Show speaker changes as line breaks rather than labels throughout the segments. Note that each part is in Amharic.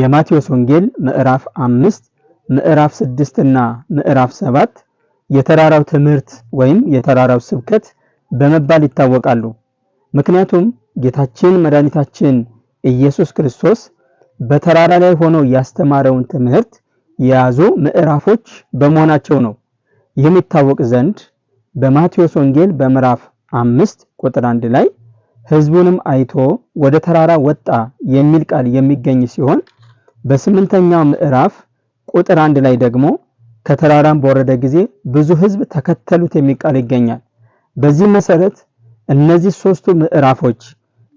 የማቴዎስ ወንጌል ምዕራፍ አምስት ምዕራፍ ስድስት እና ምዕራፍ ሰባት የተራራው ትምህርት ወይም የተራራው ስብከት በመባል ይታወቃሉ። ምክንያቱም ጌታችን መድኃኒታችን ኢየሱስ ክርስቶስ በተራራ ላይ ሆኖ ያስተማረውን ትምህርት የያዙ ምዕራፎች በመሆናቸው ነው። ይህም ይታወቅ ዘንድ በማቴዎስ ወንጌል በምዕራፍ አምስት ቁጥር አንድ ላይ ሕዝቡንም አይቶ ወደ ተራራ ወጣ የሚል ቃል የሚገኝ ሲሆን በስምንተኛው ምዕራፍ ቁጥር አንድ ላይ ደግሞ ከተራራም በወረደ ጊዜ ብዙ ሕዝብ ተከተሉት የሚል ቃል ይገኛል። በዚህ መሰረት እነዚህ ሶስቱ ምዕራፎች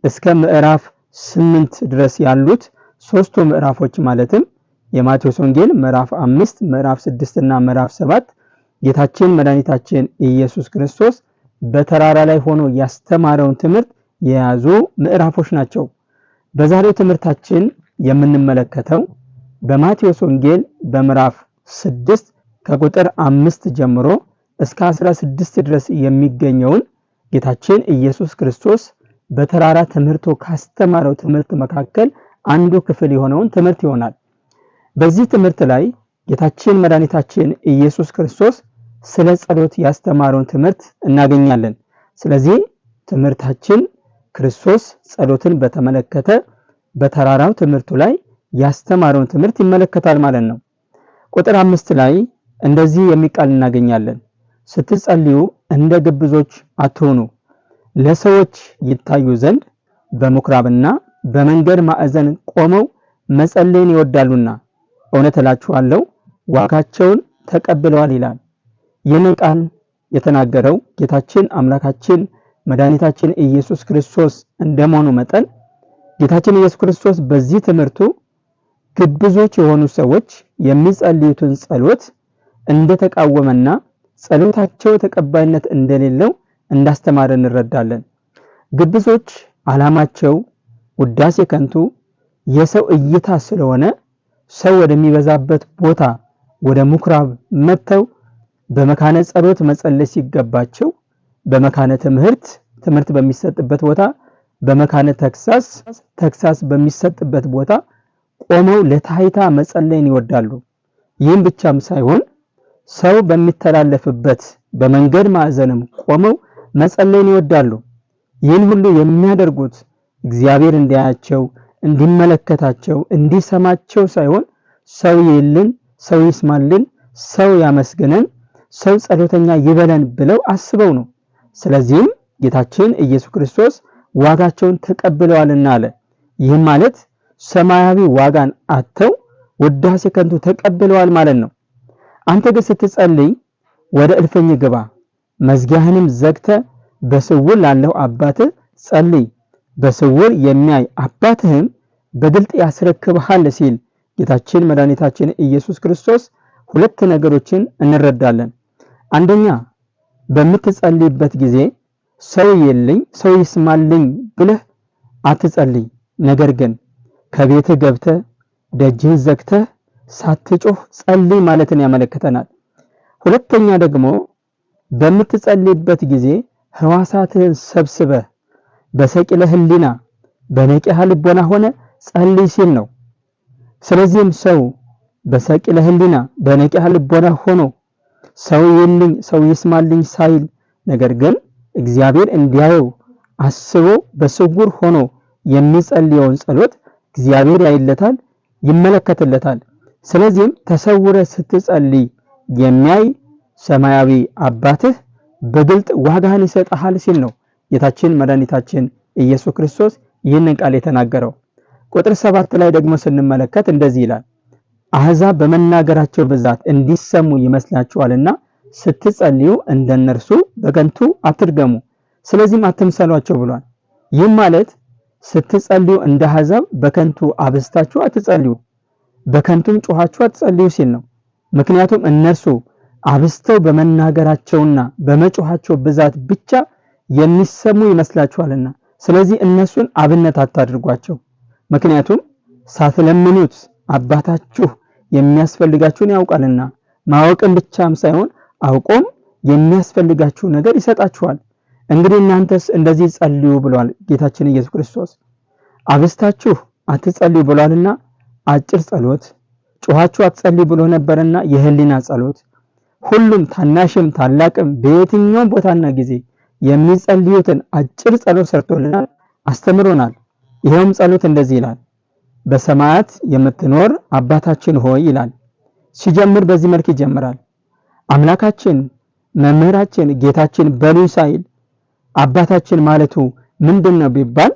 እስከ ምዕራፍ ስምንት ድረስ ያሉት ሶስቱ ምዕራፎች ማለትም የማቴዎስ ወንጌል ምዕራፍ አምስት ምዕራፍ ስድስት እና ምዕራፍ ሰባት ጌታችን መድኃኒታችን ኢየሱስ ክርስቶስ በተራራ ላይ ሆኖ ያስተማረውን ትምህርት የያዙ ምዕራፎች ናቸው። በዛሬው ትምህርታችን የምንመለከተው በማቴዎስ ወንጌል በምዕራፍ 6 ከቁጥር አምስት ጀምሮ እስከ 16 ድረስ የሚገኘውን ጌታችን ኢየሱስ ክርስቶስ በተራራ ትምህርቱ ካስተማረው ትምህርት መካከል አንዱ ክፍል የሆነውን ትምህርት ይሆናል። በዚህ ትምህርት ላይ ጌታችን መድኃኒታችን ኢየሱስ ክርስቶስ ስለ ጸሎት ያስተማረውን ትምህርት እናገኛለን። ስለዚህ ትምህርታችን ክርስቶስ ጸሎትን በተመለከተ በተራራው ትምህርቱ ላይ ያስተማረውን ትምህርት ይመለከታል ማለት ነው። ቁጥር አምስት ላይ እንደዚህ የሚቃል እናገኛለን። ስትጸልዩ እንደ ግብዞች አትሆኑ፣ ለሰዎች ይታዩ ዘንድ በምኩራብና በመንገድ ማዕዘን ቆመው መጸለይን ይወዳሉና እውነት እላችኋለሁ ዋጋቸውን ተቀብለዋል ይላል። ይህንን ቃል የተናገረው ጌታችን አምላካችን መድኃኒታችን ኢየሱስ ክርስቶስ እንደመሆኑ መጠን ጌታችን ኢየሱስ ክርስቶስ በዚህ ትምህርቱ ግብዞች የሆኑ ሰዎች የሚጸልዩትን ጸሎት እንደተቃወመና ጸሎታቸው ተቀባይነት እንደሌለው እንዳስተማረ እንረዳለን። ግብዞች ዓላማቸው ውዳሴ ከንቱ የሰው እይታ ስለሆነ ሰው ወደሚበዛበት ቦታ ወደ ምኩራብ መጥተው በመካነ ጸሎት መጸለይ ሲገባቸው በመካነ ትምህርት ትምህርት በሚሰጥበት ቦታ በመካነ ተክሳስ ተክሳስ በሚሰጥበት ቦታ ቆመው ለታይታ መጸለይን ይወዳሉ። ይህም ብቻም ሳይሆን ሰው በሚተላለፍበት በመንገድ ማዕዘንም ቆመው መጸለይን ይወዳሉ። ይህን ሁሉ የሚያደርጉት እግዚአብሔር እንዲያያቸው፣ እንዲመለከታቸው፣ እንዲሰማቸው ሳይሆን ሰው ይልን፣ ሰው ይስማልን፣ ሰው ያመስግነን፣ ሰው ጸሎተኛ ይበለን ብለው አስበው ነው። ስለዚህም ጌታችን ኢየሱስ ክርስቶስ ዋጋቸውን ተቀብለዋልና አለ። ይህም ማለት ሰማያዊ ዋጋን አተው ውዳሴ ከንቱ ተቀብለዋል ማለት ነው። አንተ ግን ስትጸልይ ወደ እልፍኝ ግባ፣ መዝጊያህንም ዘግተ በስውር ላለው አባትህ ጸልይ፣ በስውር የሚያይ አባትህም በግልጥ ያስረክብሃል ሲል ጌታችን መድኃኒታችን ኢየሱስ ክርስቶስ ሁለት ነገሮችን እንረዳለን። አንደኛ በምትጸልይበት ጊዜ ሰው የለኝ ሰው ይስማልኝ ብለህ አትጸልይ። ነገር ግን ከቤትህ ገብተህ ደጅህ ዘግተህ ሳትጮህ ጸልይ ማለትን ያመለክተናል። ሁለተኛ ደግሞ በምትጸልይበት ጊዜ ህዋሳትህን ሰብስበህ በሰቂለ ህሊና በነቂሃ ልቦና ሆነ ጸልይ ሲል ነው። ስለዚህም ሰው በሰቂለ ህሊና በነቂሃ ልቦና ሆኖ ሰው የለኝ ሰው ይስማልኝ ሳይል ነገር ግን እግዚአብሔር እንዲያየው አስቦ በስውር ሆኖ የሚጸልየውን ጸሎት እግዚአብሔር ያይለታል፣ ይመለከትለታል። ስለዚህም ተሰውረ ስትጸልይ የሚያይ ሰማያዊ አባትህ በግልጥ ዋጋህን ይሰጠሃል ሲል ነው ጌታችን መድኃኒታችን ኢየሱስ ክርስቶስ ይህንን ቃል የተናገረው። ቁጥር ሰባት ላይ ደግሞ ስንመለከት እንደዚህ ይላል፣ አሕዛብ በመናገራቸው ብዛት እንዲሰሙ ይመስላችኋልና ስትጸልዩ እንደነርሱ በከንቱ አትድገሙ፣ ስለዚህም አትምሰሏቸው ብሏል። ይህም ማለት ስትጸልዩ እንደ አሕዛብ በከንቱ አብዝታችሁ አትጸልዩ፣ በከንቱም ጮሃችሁ አትጸልዩ ሲል ነው። ምክንያቱም እነርሱ አብዝተው በመናገራቸውና በመጮኋቸው ብዛት ብቻ የሚሰሙ ይመስላችኋልና፣ ስለዚህ እነሱን አብነት አታድርጓቸው። ምክንያቱም ሳትለምኑት አባታችሁ የሚያስፈልጋችሁን ያውቃልና ማወቅን ብቻም ሳይሆን አውቆም የሚያስፈልጋችሁ ነገር ይሰጣችኋል። እንግዲህ እናንተስ እንደዚህ ጸልዩ ብሏል ጌታችን ኢየሱስ ክርስቶስ። አብስታችሁ አትጸልዩ ብሏልና አጭር ጸሎት፣ ጮኻችሁ አትጸልዩ ብሎ ነበርና የህሊና ጸሎት። ሁሉም ታናሽም ታላቅም በየትኛው ቦታና ጊዜ የሚጸልዩትን አጭር ጸሎት ሰርቶልናል፣ አስተምሮናል። ይኸውም ጸሎት እንደዚህ ይላል፣ በሰማያት የምትኖር አባታችን ሆይ ይላል። ሲጀምር በዚህ መልክ ይጀምራል። አምላካችን መምህራችን ጌታችን በሉኝ ሳይል አባታችን ማለቱ ምንድን ነው ቢባል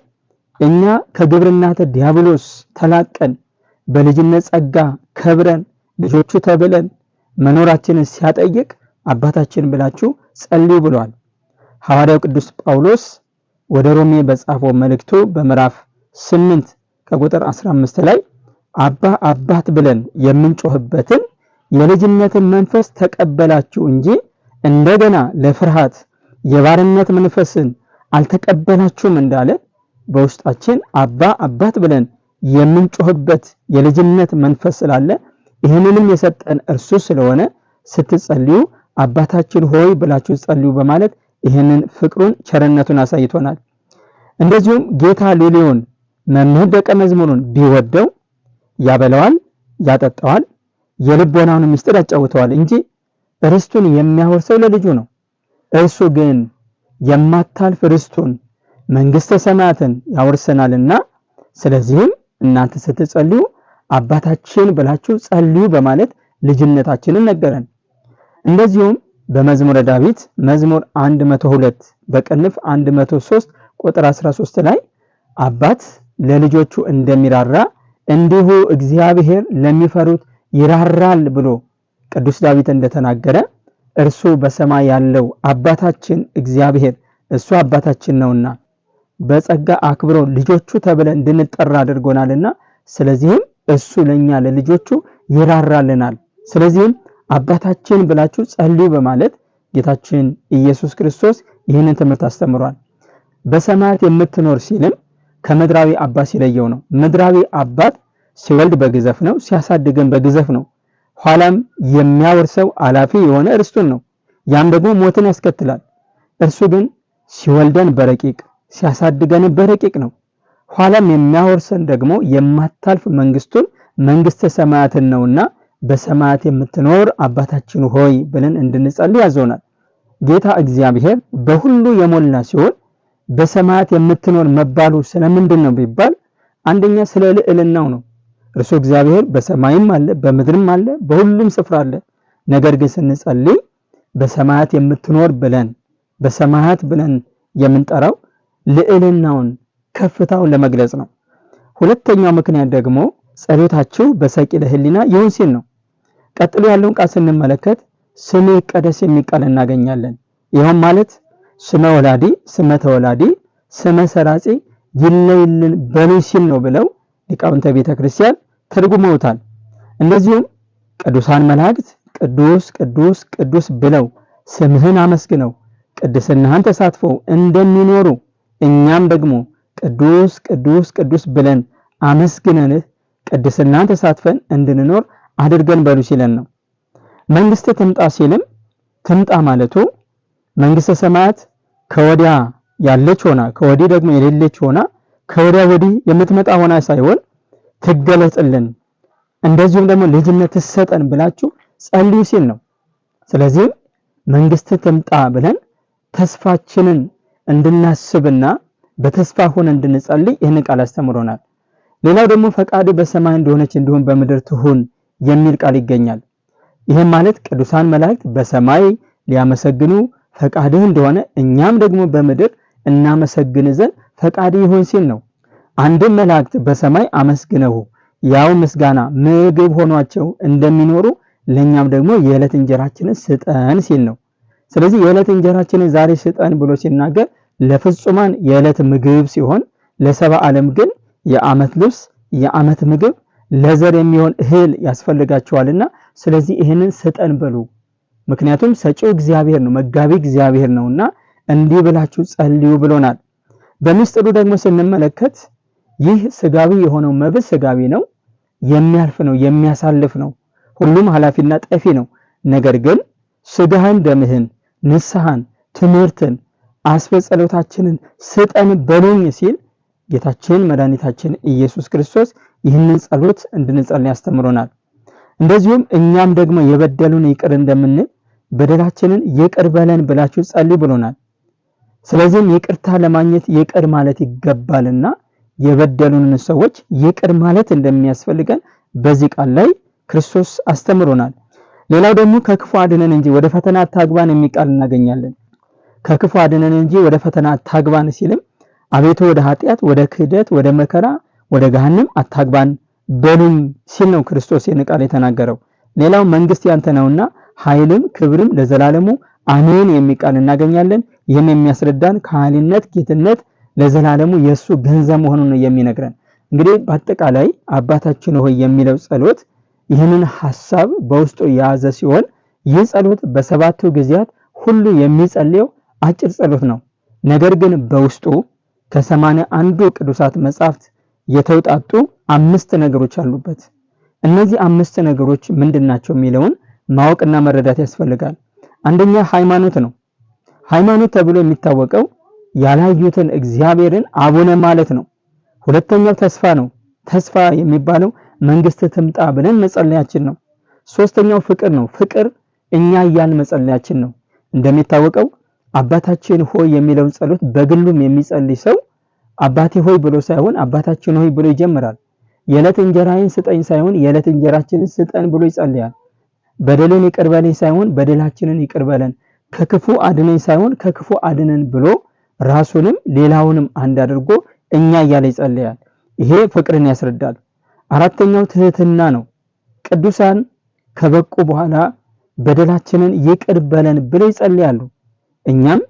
እኛ ከግብርናተ ዲያብሎስ ተላቀን በልጅነት ጸጋ ከብረን ልጆቹ ተብለን መኖራችንን ሲያጠይቅ አባታችን ብላችሁ ጸልዩ ብሏል። ሐዋርያው ቅዱስ ጳውሎስ ወደ ሮሜ በጻፈው መልእክቱ በምዕራፍ 8 ከቁጥር 15 ላይ አባ አባት ብለን የምንጮህበትን የልጅነትን መንፈስ ተቀበላችሁ እንጂ እንደገና ለፍርሃት የባርነት መንፈስን አልተቀበላችሁም እንዳለ በውስጣችን አባ አባት ብለን የምንጮህበት የልጅነት መንፈስ ስላለ ይህንንም የሰጠን እርሱ ስለሆነ ስትጸልዩ አባታችን ሆይ ብላችሁ ጸልዩ በማለት ይህንን ፍቅሩን ቸርነቱን አሳይቶናል። እንደዚሁም ጌታ ሉሊዮን መምህር ደቀ መዝሙሩን ቢወደው ያበለዋል፣ ያጠጣዋል የልቦናውን ምስጢር ያጫውተዋል እንጂ ርስቱን የሚያወርሰው ለልጁ ነው። እርሱ ግን የማታልፍ ርስቱን መንግስተ ሰማያትን ያወርሰናልና ስለዚህም እናንተ ስትጸልዩ አባታችን ብላችሁ ጸልዩ በማለት ልጅነታችንን ነገረን። እንደዚሁም በመዝሙረ ዳዊት መዝሙር 102 በቅንፍ 103 ቁጥር 13 ላይ አባት ለልጆቹ እንደሚራራ እንዲሁ እግዚአብሔር ለሚፈሩት ይራራል ብሎ ቅዱስ ዳዊት እንደተናገረ እርሱ በሰማይ ያለው አባታችን እግዚአብሔር እሱ አባታችን ነውና በጸጋ አክብሮ ልጆቹ ተብለን እንድንጠራ አድርጎናልና ስለዚህም እሱ ለኛ ለልጆቹ ይራራልናል። ስለዚህም አባታችን ብላችሁ ጸልዩ በማለት ጌታችን ኢየሱስ ክርስቶስ ይህንን ትምህርት አስተምሯል። በሰማያት የምትኖር ሲልም ከምድራዊ አባት ሲለየው ነው። ምድራዊ አባት ሲወልድ በግዘፍ ነው፣ ሲያሳድግም በግዘፍ ነው። ኋላም የሚያወርሰው አላፊ የሆነ እርስቱን ነው። ያም ደግሞ ሞትን ያስከትላል። እርሱ ግን ሲወልደን በረቂቅ ሲያሳድገን በረቂቅ ነው። ኋላም የሚያወርሰን ደግሞ የማታልፍ መንግስቱን መንግስተ ሰማያትን ነውና በሰማያት የምትኖር አባታችን ሆይ ብለን እንድንጸልይ ያዞናል። ጌታ እግዚአብሔር በሁሉ የሞላ ሲሆን በሰማያት የምትኖር መባሉ ስለምንድን ነው ቢባል አንደኛ ስለ ልዕልናው ነው። እርሱ እግዚአብሔር በሰማይም አለ በምድርም አለ በሁሉም ስፍራ አለ። ነገር ግን ስንጸልይ በሰማያት የምትኖር ብለን በሰማያት ብለን የምንጠራው ልዕልናውን ከፍታውን ለመግለጽ ነው። ሁለተኛው ምክንያት ደግሞ ጸሎታችሁ በሰቂለ ለህሊና ይሁን ሲል ነው። ቀጥሎ ያለውን ቃል ስንመለከት ስም ይቀደስ የሚል ቃል እናገኛለን። ይኸውም ማለት ስመ ወላዲ፣ ስመ ተወላዲ፣ ስመ ሰራጺ ይለይልን በሉ ሲል ነው ብለው ሊቃውንተ ቤተ ክርስቲያን ተርጉመውታል። እነዚሁም ቅዱሳን መላእክት ቅዱስ ቅዱስ ቅዱስ ብለው ስምህን አመስግነው ቅድስናህን ተሳትፈው እንደሚኖሩ እኛም ደግሞ ቅዱስ ቅዱስ ቅዱስ ብለን አመስግነንህ ቅድስናህን ተሳትፈን እንድንኖር አድርገን በሉ ሲለን ነው። መንግስት ትምጣ ሲልም ትምጣ ማለቱ መንግስተ ሰማያት ከወዲያ ያለች ሆና ከወዲህ ደግሞ የሌለች ሆና ከወዲያ ወዲህ የምትመጣ ሆና ሳይሆን ትገለጥልን፣ እንደዚሁም ደግሞ ልጅነት ትሰጠን ብላችሁ ጸልዩ ሲል ነው። ስለዚህ መንግስት ትምጣ ብለን ተስፋችንን እንድናስብና በተስፋ ሆነ እንድንጸልይ ይህን ቃል አስተምሮናል። ሌላው ደግሞ ፈቃድ በሰማይ እንደሆነች እንዲሁም በምድር ትሁን የሚል ቃል ይገኛል። ይህም ማለት ቅዱሳን መላእክት በሰማይ ሊያመሰግኑ ፈቃድህ እንደሆነ እኛም ደግሞ በምድር እናመሰግን ዘንድ ፈቃድ ይሁን ሲል ነው። አንድም መላእክት በሰማይ አመስግነው ያው ምስጋና ምግብ ሆኗቸው እንደሚኖሩ ለኛም ደግሞ የዕለት እንጀራችንን ስጠን ሲል ነው። ስለዚህ የዕለት እንጀራችንን ዛሬ ስጠን ብሎ ሲናገር ለፍጹማን የዕለት ምግብ ሲሆን ለሰባ ዓለም ግን የዓመት ልብስ፣ የዓመት ምግብ፣ ለዘር የሚሆን እህል ያስፈልጋቸዋልና ስለዚህ ይህንን ስጠን በሉ። ምክንያቱም ሰጪው እግዚአብሔር ነው፣ መጋቢ እግዚአብሔር ነውና እንዲህ ብላችሁ ጸልዩ ብሎናል። በምስጢሩ ደግሞ ስንመለከት ይህ ስጋዊ የሆነው መብል ስጋዊ ነው፣ የሚያልፍ ነው፣ የሚያሳልፍ ነው። ሁሉም ኃላፊና ጠፊ ነው። ነገር ግን ስጋህን፣ ደምህን፣ ንስሐን፣ ትምህርትን፣ አስበ ስጠን በሉኝ ሲል ጌታችን መድኃኒታችን ኢየሱስ ክርስቶስ ይህንን ጸሎት እንድንጸልይ ያስተምሮናል። እንደዚሁም እኛም ደግሞ የበደሉን ይቅር እንደምንል በደላችንን ይቅር በለን ብላችሁ ጸልይ ብሎናል። ስለዚህም ይቅርታ ለማግኘት ይቅር ማለት ይገባልና የበደሉንን ሰዎች ይቅር ማለት እንደሚያስፈልገን በዚህ ቃል ላይ ክርስቶስ አስተምሮናል። ሌላው ደግሞ ከክፉ አድነን እንጂ ወደ ፈተና አታግባን የሚል ቃል እናገኛለን። ከክፉ አድነን እንጂ ወደ ፈተና አታግባን ሲልም አቤቱ ወደ ኃጢአት፣ ወደ ክህደት፣ ወደ መከራ፣ ወደ ገሃንም አታግባን በሉም ሲል ነው ክርስቶስ ይህን ቃል የተናገረው። ሌላው መንግስት ያንተ ነውና ኃይልም ክብርም ለዘላለሙ አሜን የሚቃል እናገኛለን። ይህም የሚያስረዳን ከሃሊነት ጌትነት ለዘላለሙ የእሱ ገንዘብ መሆኑን ነው የሚነግረን። እንግዲህ በአጠቃላይ አባታችን ሆይ የሚለው ጸሎት ይህንን ሐሳብ በውስጡ የያዘ ሲሆን ይህ ጸሎት በሰባቱ ጊዜያት ሁሉ የሚጸልየው አጭር ጸሎት ነው። ነገር ግን በውስጡ ከሰማንያ አንዱ ቅዱሳት መጻሕፍት የተውጣጡ አምስት ነገሮች አሉበት። እነዚህ አምስት ነገሮች ምንድን ናቸው የሚለውን ማወቅና መረዳት ያስፈልጋል። አንደኛ ሃይማኖት ነው። ሃይማኖት ተብሎ የሚታወቀው ያላዩትን እግዚአብሔርን አቡነ ማለት ነው። ሁለተኛው ተስፋ ነው። ተስፋ የሚባለው መንግስት ትምጣ ብለን መጸለያችን ነው። ሶስተኛው ፍቅር ነው። ፍቅር እኛ እያል መጸለያችን ነው። እንደሚታወቀው አባታችን ሆይ የሚለውን ጸሎት በግሉም የሚጸልይ ሰው አባቴ ሆይ ብሎ ሳይሆን አባታችን ሆይ ብሎ ይጀምራል። የዕለት እንጀራዬን ስጠኝ ሳይሆን የዕለት እንጀራችንን ስጠን ብሎ ይጸልያል። በደልን ይቅር በለኝ ሳይሆን በደላችንን ይቅር በለን ከክፉ አድነኝ ሳይሆን ከክፉ አድነን ብሎ ራሱንም ሌላውንም አንድ አድርጎ እኛ እያለ ይጸልያል። ይሄ ፍቅርን ያስረዳል። አራተኛው ትህትና ነው። ቅዱሳን ከበቁ በኋላ በደላችንን ይቅር በለን ብለው ይጸልያሉ። እኛም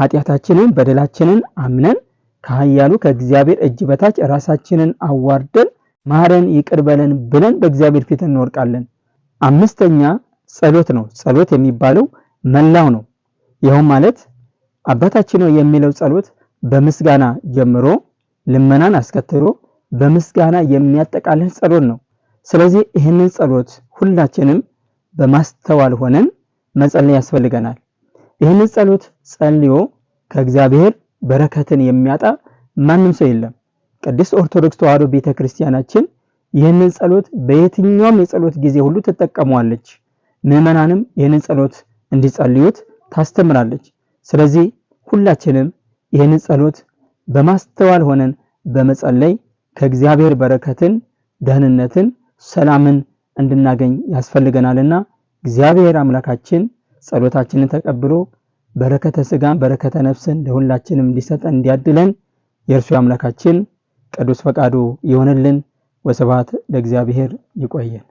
ኃጢአታችንን በደላችንን አምነን ከኃያሉ ከእግዚአብሔር እጅ በታች ራሳችንን አዋርደን ማረን ይቅር በለን ብለን በእግዚአብሔር ፊት እንወርቃለን። አምስተኛ ጸሎት ነው። ጸሎት የሚባለው መላው ነው። ይኸው ማለት አባታችን ነው የሚለው ጸሎት በምስጋና ጀምሮ ልመናን አስከትሎ በምስጋና የሚያጠቃልል ጸሎት ነው። ስለዚህ ይህንን ጸሎት ሁላችንም በማስተዋል ሆነን መጸለይ ያስፈልገናል። ይህንን ጸሎት ጸልዮ ከእግዚአብሔር በረከትን የሚያጣ ማንም ሰው የለም። ቅድስት ኦርቶዶክስ ተዋሕዶ ቤተክርስቲያናችን ይህንን ጸሎት በየትኛውም የጸሎት ጊዜ ሁሉ ትጠቀመዋለች። ምዕመናንም ይህንን ጸሎት እንዲጸልዩት ታስተምራለች። ስለዚህ ሁላችንም ይህንን ጸሎት በማስተዋል ሆነን በመጸለይ ከእግዚአብሔር በረከትን፣ ደህንነትን፣ ሰላምን እንድናገኝ ያስፈልገናልና እግዚአብሔር አምላካችን ጸሎታችንን ተቀብሎ በረከተ ስጋን በረከተ ነፍስን ለሁላችንም እንዲሰጠን እንዲያድለን የእርሱ አምላካችን ቅዱስ ፈቃዱ ይሆንልን። ወስብሐት ለእግዚአብሔር። ይቆየን።